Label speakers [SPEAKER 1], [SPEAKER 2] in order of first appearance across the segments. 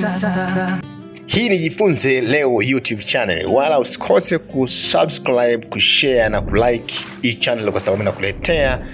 [SPEAKER 1] sasa. Hii ni Jifunze Leo YouTube channel, wala usikose kusubscribe, kushare na kulike hii channel kwa sababu inakuletea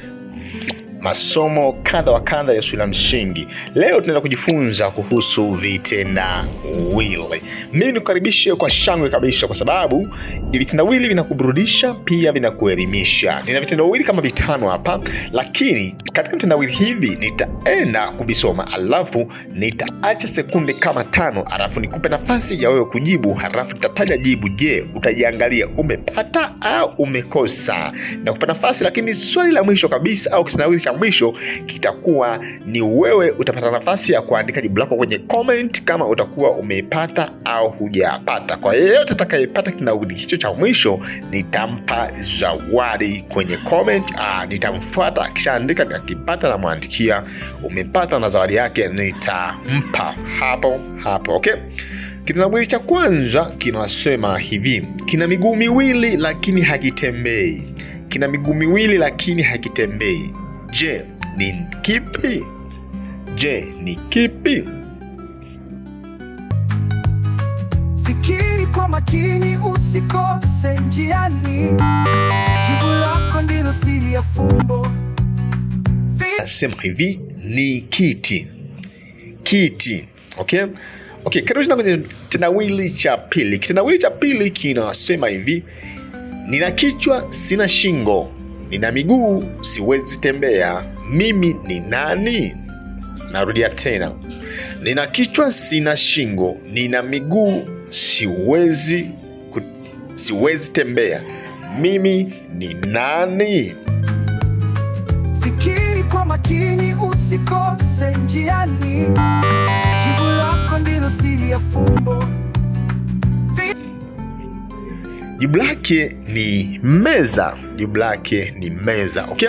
[SPEAKER 1] masomo kadha wa kadha ya shule ya msingi. Leo tunaenda kujifunza kuhusu vitendawili. Mimi nikukaribishe kwa shangwe kabisa, kwa sababu vitendawili vinakuburudisha pia vinakuelimisha. Nina vitendawili kama vitano hapa, lakini katika vitendawili hivi nitaenda kuvisoma, alafu nitaacha sekunde kama tano, alafu nikupe nafasi ya wewe kujibu, halafu nitataja jibu. Je, utajiangalia umepata au umekosa, na kupa nafasi, lakini swali la mwisho kabisa au kitendawili cha mwisho kitakuwa ni wewe utapata nafasi ya kuandika jibu lako kwenye comment kama utakuwa umeipata au hujapata. Kwa yeyote atakayepata kinaundi hicho cha mwisho nitampa zawadi kwenye comment. Ah, nitamfuata akishaandika, na namwandikia umepata na zawadi yake nitampa hapo hapo, okay? Kitendawili cha kwanza kinasema hivi: kina miguu miwili lakini hakitembei. Kina miguu miwili lakini hakitembei. Je, ni kipi? Je, ni kipi? Fikiri kwa makini, usikose njiani. Jibu lako ndilo siri ya fumbo. Nasema hivi ni kiti, kiti. Okay, okay, karibu tena kwenye kitendawili cha pili. Kitendawili cha pili kinasema hivi: nina kichwa sina shingo nina miguu siwezi tembea, mimi ni nani? Narudia tena, nina kichwa sina shingo, nina miguu siwezi, siwezi tembea, mimi ni nani? Fikiri kwa makini, usikose njiani. Jibu lako ndilo siri ya fumbo jibu lake ni meza, jibu lake ni meza. Okay,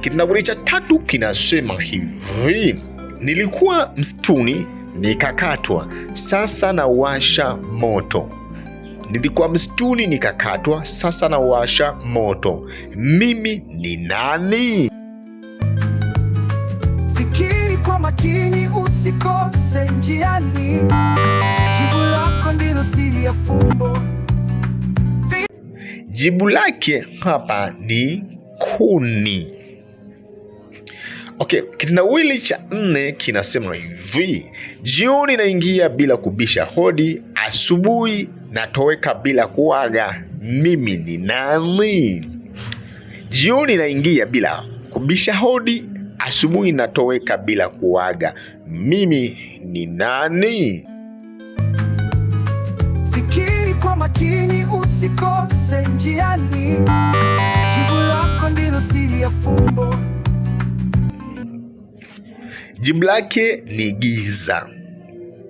[SPEAKER 1] kitendawili cha tatu kinasema hivi: nilikuwa msituni nikakatwa, sasa nawasha moto. Nilikuwa msituni nikakatwa, sasa nawasha moto. Mimi ni nani? Fikiri kwa makini, usikose njiani. Jibu lako ndilo siri ya Jibu lake hapa ni kuni. Okay, kitendawili cha nne kinasema hivi: jioni naingia bila kubisha hodi, asubuhi natoweka bila kuaga. Mimi ni nani? Jioni naingia bila kubisha hodi, asubuhi natoweka bila kuaga. Mimi ni nani? Fikiri kwa makini, usikose njiani. Jibu lako ndilo siri ya fumbo. Jibu lake ni giza.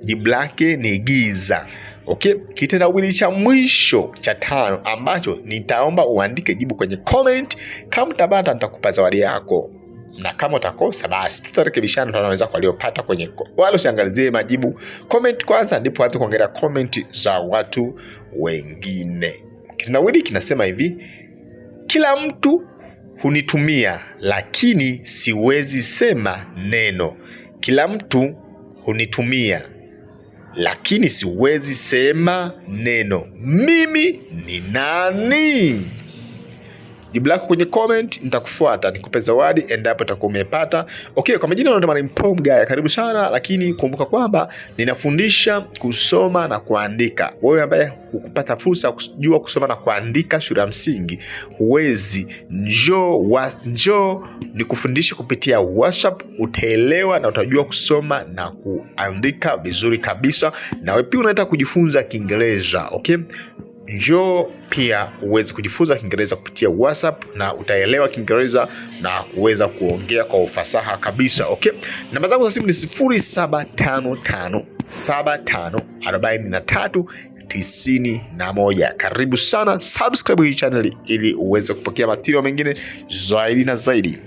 [SPEAKER 1] Jibu lake ni giza. Okay, kitendawili cha mwisho cha tano ambacho nitaomba uandike jibu kwenye comment. Kama utabata nitakupa zawadi yako, na kama utakosa basi tutarekebishana, tunaweza kwa waliopata kwenye wale. Usiangalizie majibu comment kwanza, ndipo watu kuangalia comment za watu wengine. Kitendawili kinasema hivi, kila mtu hunitumia lakini siwezi sema neno. Kila mtu hunitumia lakini siwezi sema neno. Mimi ni nani? Jibu lako kwenye comment, nitakufuata nikupe zawadi endapo utakuwa umepata. Okay, kwa majina naitwa Mwalimu Pom Mgaya, karibu sana, lakini kumbuka kwamba ninafundisha kusoma na kuandika. Wewe ambaye hukupata fursa kujua kusoma na kuandika shule ya msingi, huwezi, njoo njoo nikufundishe kupitia WhatsApp, utaelewa na utajua kusoma na kuandika vizuri kabisa. Na wewe pia unataka kujifunza Kiingereza, okay? Njoo pia uweze kujifunza Kiingereza kupitia WhatsApp na utaelewa Kiingereza na kuweza kuongea kwa ufasaha kabisa. Okay, namba zangu za simu ni 0755 75 43 moja. Karibu sana, subscribe hii channel ili uweze kupokea material mengine zaidi na zaidi.